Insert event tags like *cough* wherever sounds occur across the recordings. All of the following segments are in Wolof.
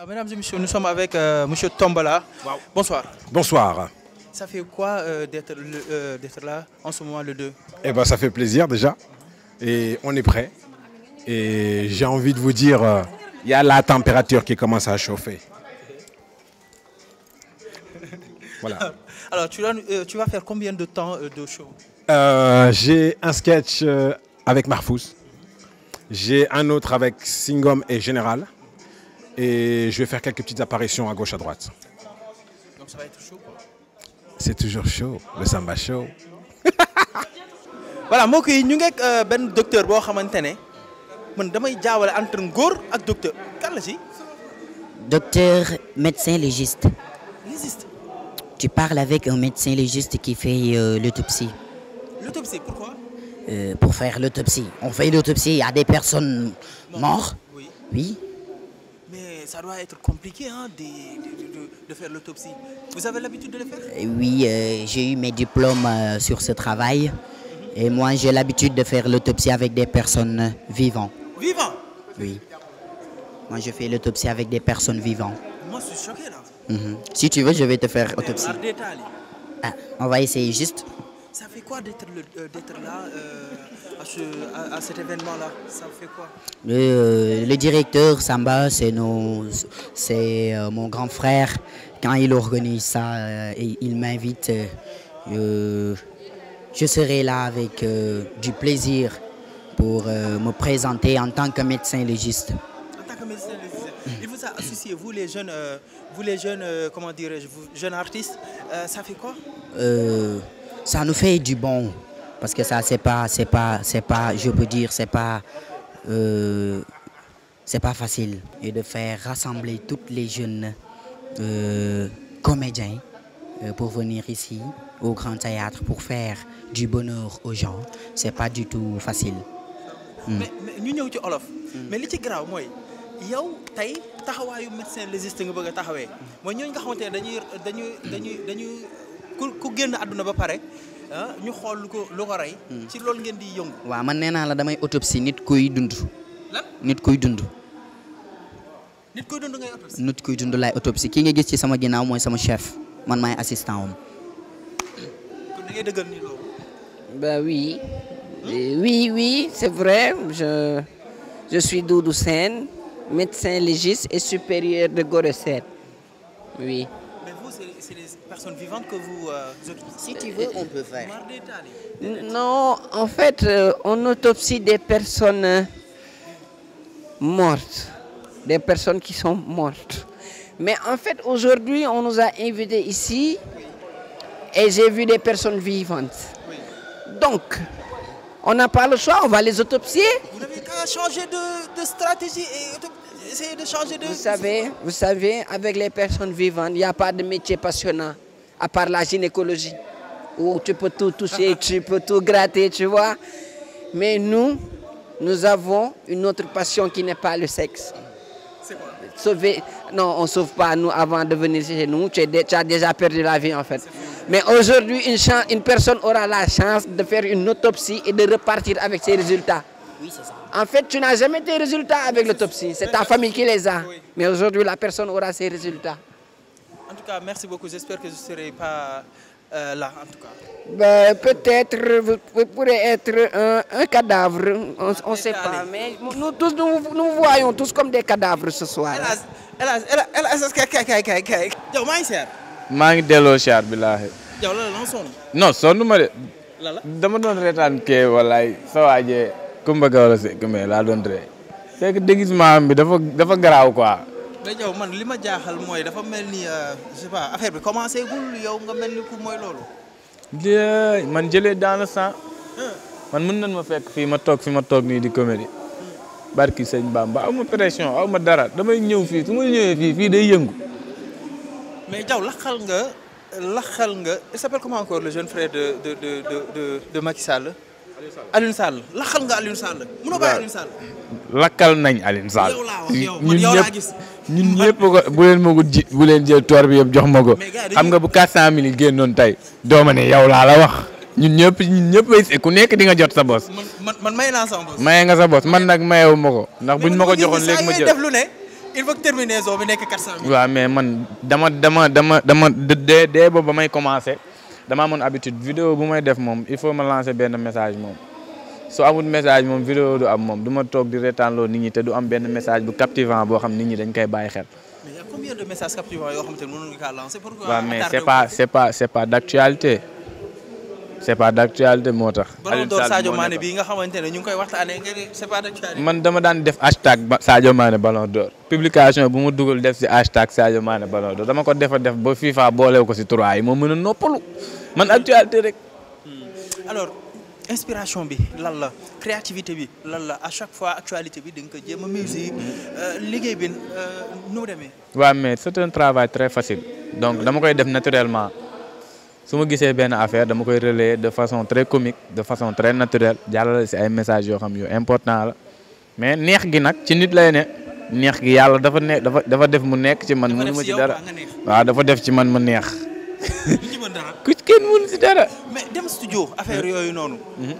Euh, mesdames et messieurs, nous sommes avec euh, monsieur tombala Wow. Bonsoir. Bonsoir. Ça fait quoi euh, d'être euh, là en ce moment le 2 Eh ben ça fait est prêt. Et j'ai envie de vous dire il y a la température qui commence à chauffer. *laughs* Voilà. Alors de temps de show j'ai un sketch avec Marfous. J'ai un autre avec Singom et Général. et je vais faire quelques petites apparitions à gauche, à droite. Donc ça va C'est toujours chaud, le samba show. voilà mbokk yi ñu ngi ak euh, benn docteur boo xamante ne man damay jaawale entre ngóor ak docteur kan la ci. docteur médecin légiste. légiste. tu parles avec un médecin légiste qui fait euh, l'autopsie. Euh, pour faire l'autopsie. On fait l'autopsie à des personnes mortes. ça doit être compliqué hein, de, de, de, faire l'autopsie. Vous avez l'habitude de le faire eh Oui, euh, j'ai eu mes diplômes euh, sur ce travail. Et moi, j'ai l'habitude de faire l'autopsie avec des personnes vivantes. Vivants Oui. Moi, je fais l'autopsie avec des personnes vivantes. Moi, je suis choqué là. Mm -hmm. Si tu veux, je vais te faire autopsie. Ah, on va essayer juste. Ça fait quoi d'être euh, là euh, à, ce, à, à, cet événement-là Ça fait quoi le, euh, le, directeur Samba, c'est euh, mon grand frère. Quand il organise ça, et euh, il m'invite. Euh, je serai là avec du plaisir pour me présenter en tant que médecin légiste. En tant que médecin légiste. Et vous associez, vous les jeunes, vous les jeunes, comment dirais-je, jeunes artistes, ça fait quoi ça nous fait du bon parce que ça c'est pas c'est pas c'est pas je peux dire c'est pas euh, c'est pas facile et de faire rassembler toutes les jeunes euh, comédiens euh, pour venir ici au Grand Théâtre pour faire du bonheur aux gens c'est pas du tout facile. Hmm. mais ñu ci olof. Hmm. mais li ci garaaw médecin légiste nga bëgg a taxawee. Hmm. mooy nga xamante ne ku ku génn àdduna ba pare ah, ñu xool lu ko lu rey. Hmm. ci loolu ngeen di yëngu. waaw man nee naa la damay autopsie nit kuy dund. nit kuy dund. nit kuy dund laay autopsie kii nga gis ci sama ginnaaw mooy sama chef man maay assistant am. kon da ngay dëggal ni loolu. bah oui. oui oui c'est vrai je suis Doudou Sène médecin légiste et supérieur de Gorée Sène c'est les personnes vivantes que vous, euh, vous Si tu veux, on peut faire. Non, en fait, euh, on autopsie des personnes euh, mortes, des personnes qui sont mortes. Mais en fait, aujourd'hui, on nous a invités ici et j'ai vu des personnes vivantes. Donc, on n'a pas le choix, on va les autopsier. à euh, changer de, de stratégie et de, essayer de changer de... Vous savez, vous savez, avec les personnes vivantes, il n'y a pas de métier passionnant, à part la gynécologie, où oh, tu peux tout toucher, tu peux tout gratter, tu vois. Mais nous, nous avons une autre passion qui n'est pas le sexe. C'est quoi Sauver... Non, on ne sauve pas, nous, avant de venir chez nous. Tu, es, tu as déjà perdu la vie, en fait. Mais aujourd'hui, une, une, personne aura la chance de faire une autopsie et de repartir avec ses résultats. Oui, c'est ça. En fait, tu n'as jamais tes résultats avec l'autopsie. C'est ta famille qui les a. Mais aujourd'hui, la personne aura ses résultats. En tout cas, euh, en Peut-être, un, cadavre. On sait pas. Mais nous, tous, voyons tous comme des cadavres ce soir. hélas hélas kay kay ngi delloo siyaar Kumba Gawlo Seck mais laa doon tere c'est que bi dafa dafa garaaw quoi. mais jaw man li ma jaaxal mooy dafa mel ni euh, je sais pas bi commencé yow nga mel ni ku euh, man jëlee dans le sang. man mën nañ fekk fii ma toog fi ma toog nii di comédie. barki sëñ Bamba aw ma pression ñëw fii su ma ñëwee fii fii day yëngu. mais Diaw laxal nga laxal nga il s'appelle comment encore le jeune frère de de Alioune Sall laxal nga Alioune Sall mënoo bàyyi Alioune Sall. lakkal nañ Alioune ñun ñëpp bu leen ma ko ji bu leen jël toor bi yëpp jox ma ko xam nga bu 400000 yi génnoon tey doo ma ne yow la wax ñun ñëpp ñun ñëpp ku nekk di nga jot sa bos. man man may naa sama bos. maye nga sa bos man nag mayewu ma ko ndax buñ ma ko joxoon léegi ma jël il faut que terminaison bi nekk 400000. waaw mais man dama dama dama dama dee dee ba may commencé. dama amoon habitude video bu may def moom il faut ma lancer benn message moom soo amul message moom vidéo du am moom duma toog di reetaanloo nit ñi te du am benn message bu captivant boo xam nit ñi dañ koy bàyyi xel. mais y a combien de messages captivants yoo xamante ne mënoon nga kaa lancer. pourquoi moo tax. Alioune Sall Sadio Mané nga xamante ne ñu ngi koy waxtaanee c'est pas d'actualité. man dama daan def hashtag ba Sadio Mané Ballon d'Or publication bu mu dugal def si hashtag Sadio Mané Ballon d'Or dama ko defa def ba FIFA boolew ko si trois yi moom mën a noppalu. man actualité rek. Hmm. alors inspiration bi lan la créativité bi lan la à chaque fois actualité bi da nga ko jéem a musique euh, liggéey bi euh, nu mu demee. waaw mais c'est un travail très facile donc dama koy def naturellement su ma gisee benn affaire dama koy relayer de façon très comique de façon très naturelle jàllale si ay message yoo xam yu important la mais neex gi nag ci nit lay ne. neex gi yàlla dafa ne dafa dafa def mu nekk ci man mënu ma ci dara waa dafa def ci man ma neex ku kenn mënu si dara. mais dem studio affaire yooyu noonu. Mhm.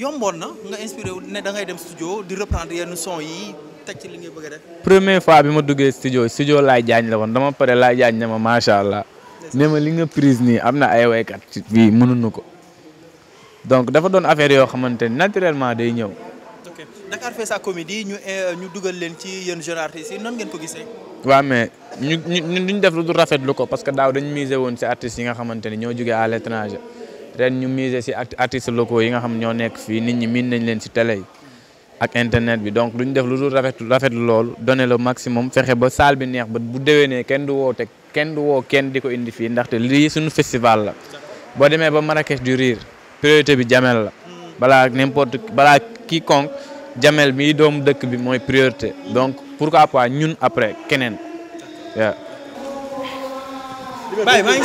yomboon na nga inspiré wu ne da ngay dem studio di reprendre yenn son yi teg ci li ngay bëgg a def. fois bi ma duggee studio studio laay jaañ la woon dama pare laa jaañ ne ma macha allah. ne ma li nga prise nii am na ay waykat fii mënuñu ko. donc dafa doon affaire yoo xamante ni naturellement day ñëw. ok Dakar fait sa comédie euh, ñu dugal leen ci yéen jeunes artistes yi noonu ko gisee. waaw mais ñu def lu dul rafetlu ko parce que daaw dañ miser woon si artistes yi nga xamante ni ñoo jógee à l'étranger ren ñu miser si artistes locaux yi nga xam ñoo nekk fii nit ñi miin nañ leen si télé yi ak internet bi donc duñ def lu dul rafetlu lool loolu donner le maximum fexe ba saal bi neex ba bu déwénee kenn du woote kenn du woo kenn di ko indi fii ndaxte li suñu festival la. boo demee ba Marrakech du la. Hmm. quiconque Jamel mii doomu dëkk bi mooy priorité donc pourquoi pas ñun après keneen waaw. Baye maa ngi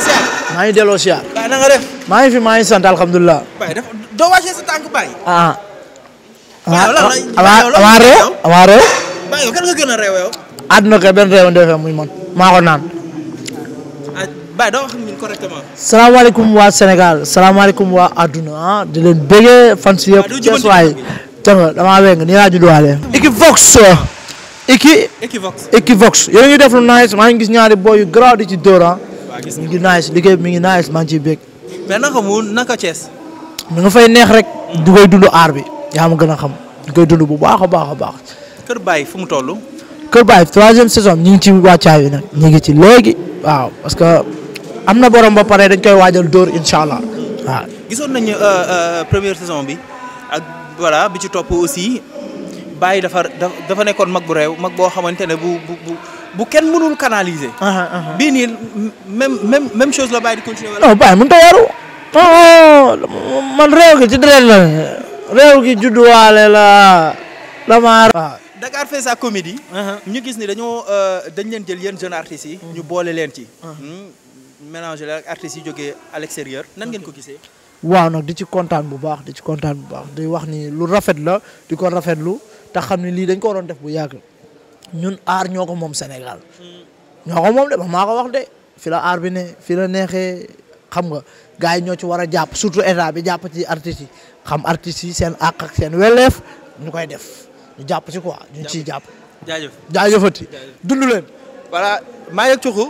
siyaar. ngi fi maa ngi sant alhamdulilah. Baye dafa doo wàccee sa tànk Baye. Ah. maa ko naan. Ah, Baye doo wax ñun correctement. salaamaaleykum waa Sénégal salaamaaleykum ah. leen bégee fan si yëpp. waaw tama damaa weng nii laa judduwaale. Equivox. Equi. Equivox Equivox yéen a ngi def lu nice maa ngi gis ñaari boy yu garaaw di ci Dora. mi ngi nice liggéey mi ngi nice maa ngi ci bég. mais naka mu naka Thiès. mi ngi fay neex rek. du koy dund aar bi. yaa ma gën a xam du koy dund bu baax a baax a baax. Kër Baye fu mu toll. Kër Baye troisième saison ñu ngi ci wàccaay bi nag ñu ngi ci léegi. waaw parce que am na borom ba pare dañ koy waajal dóor incha allah waaw. gisoon nañu euh, euh, première saison bi voilà bi ci topp aussi bàyyi dafa dafa nekkoon mag bu réew mag boo xamante ne bu bu kenn mënul canaliser. Ah, ah, ah. bii nii même même même chose la bàyyi di continuer wala. non bàyyi mënut a yaru. man réew gi ci la réew gi judduwaale la dama. waaw Dakar sa comédie. ñu gis ni dañoo euh, dañ leen jël yenn jeunes artistes yi. Mm. ñu boole leen ci. Hmm? mélanger la ak artistes yi jógee à nan ngeen ko gisee. waaw nag di ci kontaan bu baax di ci kontaan bu baax di wax ni lu rafet la di ko rafet lu te xam ne lii dañ ko waroon def bu yàgg ñun aar ñoo ko moom Sénégal hmm. ñoo moom de maa ko wax de fi la aar bi ne fi la neexee xam nga gars yi ñoo ci war a jàpp surtout état bi jàpp ci artistes xam artistes yi seen àq ak seen weleef ñu koy def ñu jàpp ci quoi ñu ciy jàpp. jaajëf jaajëfati dund leen. voilà maa yegg Cuxu.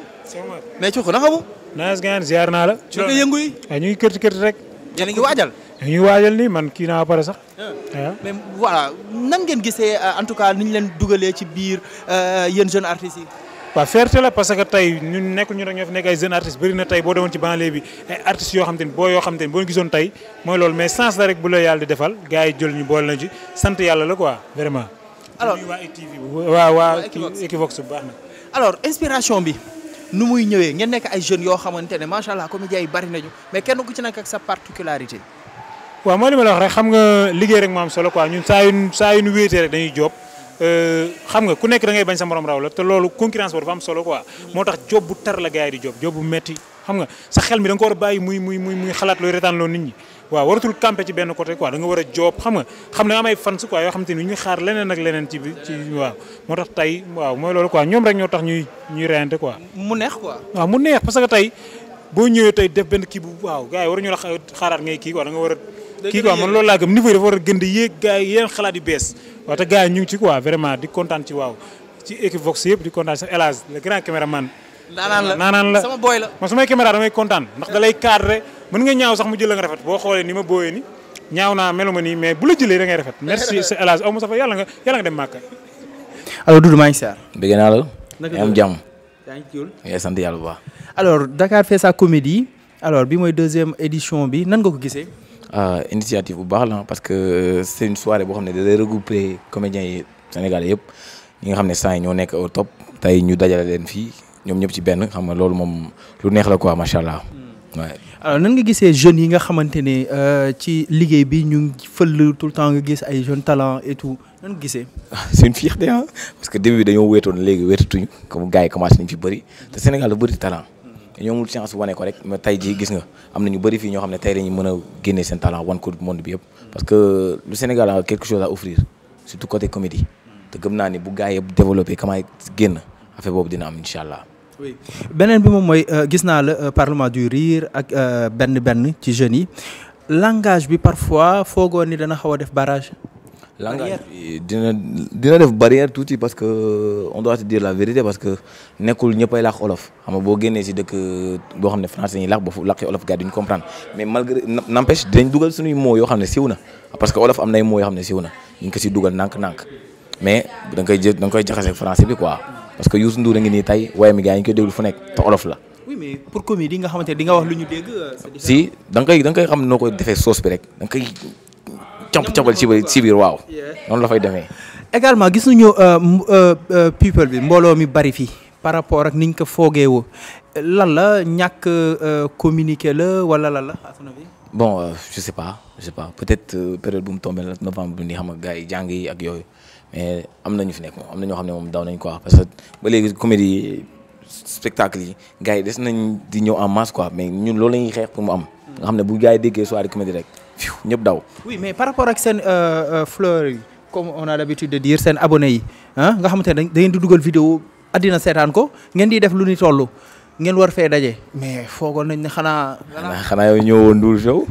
mais Cuxu naka bu. naaj ziar naa la. ci la yëngu yi ñu kërti kërti rek. yéen a ngi waajal. ñu ngi waajal nii man kii naa pare sax. Euh, mais voilà gisee euh, en tout cas ni ñu leen dugalee ci biir euh, yéen jeunes artistes yi. waaw fierté la parce que tey ñun nekk ñu rek ñoo fi nekk ay jeunes artistes bëri na boo demoon ci banlieue bi ay artistes yoo xam te boo yoo xam te boo gisoon tey mooy loolu mais sens la rek bu la yàlla di defal gars yi jël ñu boole na ci sant yàlla la quoi vraiment. alors ñu waa ETV waaw waa Equivox bu baax inspiration bi. nu muy ñëwee ngeen nekk ay jeunes yoo xamante ne macha allah comédiens yi bari nañu mais kenn ku ci nekk ak sa particularité. waaw moo li ma la wax rek xam nga liggéey rek moo am solo quoi ñun saa yu saa yu nu wéetee rek dañuy job euh, xam nga ku nekk da ngay bañ sa morom raw la te loolu concurrence boobu dafa am solo quoi. moo tax job bu tar la gars yi di job job bu metti xam nga sa xel mi da nga ko war bàyyi muy muy muy muy xalaat looy retaan loo nit ñi. waaw waratul campé ci benn côté quoi da nga war a joob xam nga xam ne am ay fans quoi yoo xam te ni ñu xaar leneen ak leneen ci ci waaw moo tax tey waaw mooy loolu quoi ñoom rek ñoo tax ñuy ñuy reyante quoi. mu neex quoi. waaw mu parce que tey boo ñëwee tey def benn kii bu waaw gars yi waruñu la xaaraat ngay kii quoi da nga war a. kii quoi man loolu laa gëm niveau yi dafa war a gën di yéeg gars yi yeneen xalaat yu bees waaw te yi ñu ci quoi vraiment di kontaan ci waaw ci Equivox di kontaan ci El Hadj le grand naanaan la naanaan la sama booy la. man su may caméra damay kontaan ndax da kaar cadré mën nga ñaaw sax mu jël la nga rafet boo xoolee ni ma booyee ni ñaaw naa meluma nii mais bu la jëlee da ngay rafet. merci sa El Hadj aw Moustapha yàlla nga yàlla nga dem Màkka. alors Doudou maa am jàmm. yaa ngi ciy yàlla bu baax. alors Dakar fait sa comédie alors bi mooy deuxième édition bi nan nga ko gisee. Ah, initiative bu baax la parce que euh, c'est une soirée boo xam ne day regrouper comédiens yi Sénégal yëpp ñi nga xam ne saa yi ñoo nekk au top tey ñu dajale leen fii ñoom ñëpp ci benn xam nga loolu moom lu neex la quoi macha allah. waaye hmm. nan nga gisee jeunes yi nga xamante ne euh, ci liggéey bi ñu ngi fël tout le temps nga gis ay jeunes talents et tout nan nga gisee. *laughs* c'est une fierté ah parce que début bi dañoo léegi wéetatuñu comme gars yi commencé nañ fi bëri te bëri talent. Hmm. dañoo amul chance wane ko rek mais tey jii gis nga am na ñu bëri fii ñoo xam ne tey dañuy mën a génnee seen talent wan ko monde bi yëpp. Hmm. parce que le Sénégal a quelque chose à offrir surtout comédie. te gëm naa ni bu gars yëpp développé kamay génn. affaire boobu dina am incha allah. beneen bi moom mooy euh, gis naa la euh, parlement du riir ak euh, benn benn ci jeunes yi langage bi parfois foogoo ni dana xaw a def barrage. langage bi dina dina def barrière tuuti parce que on doit te dire la vérité parce que nekkul ñëppay làkk olof xam nga boo génnee si dëkk boo xam ne français ñuy làkk ba fu làkkee olof gars duñ comprendre mais malgré n'empêche dinañ dugal suñuy mots yoo xam ne siw na parce que olof am nay mots yoo xam ne siw na ko si dugal nànk-nànk mais da koy jë da nga koy jaxase français bi quoi. parce que Youssou Ndour a ngi nii tey waaye mi gars yi ñu koy déglu fu nekk te olof la. nga xamante ne di nga wax lu ñu euh, si da nga da nga koy xam noo koy defee soos bi rek da nga koy camp campal ci biir waaw. noonu la fay demee. également gis nañu euh, euh, people bi mbooloo mi bari fii par rapport ak niñ ko foogee woo lan la ñàkk communiquer la wala lan la bon je sais pas je sais pas peut-être période bu mu tombé la novembre bi ni xam nga yi jàng yi ak yooyu. mais am na ñu fi nekk moom am na ñoo xam ne moom daw nañ quoi parce que ba léegi comédie spectacle yi gars yi des nañ di ñëw en masse quoi mais ñun loolu la ñuy xeex pour mu am. nga xam ne bu gars yi déggee soirée comédie rek fiw daw. mais par rapport ak seen euh, euh, fleur yi comme on a l'habitude de dire seen abonnés yi nga xamante ne dañ dañ di dugal vidéo addina seetaan ko ngeen di def lu ni toll ngeen war fee daje mais foogoon nañ ne xanaa. xanaa xanaa yow ñëwoon Ndour Show *laughs*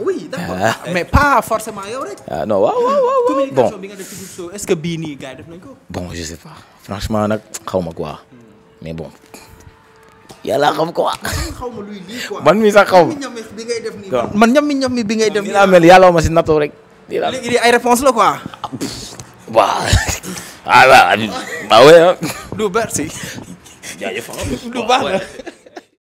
oui d'accord ah. eh, mais pas forcément yow rek. ah non waaw waaw waaw communication bi nga def ci groupe soo est-ce que bii nii gars yi def nañ ko. bon je sais pas franchement nag xaw ma quoi mais bon. yàlla xam ko xaw ma luy lii quoi *laughs* man mi sax xaw ma bi ngay def nii man ñam mi ñam mi bi ngay def nii laa mel yàlla ma si nattoo rek. léegi ay réponse la quoi. Ah, waaw ah waaw. du merci. jaajëf du baax la.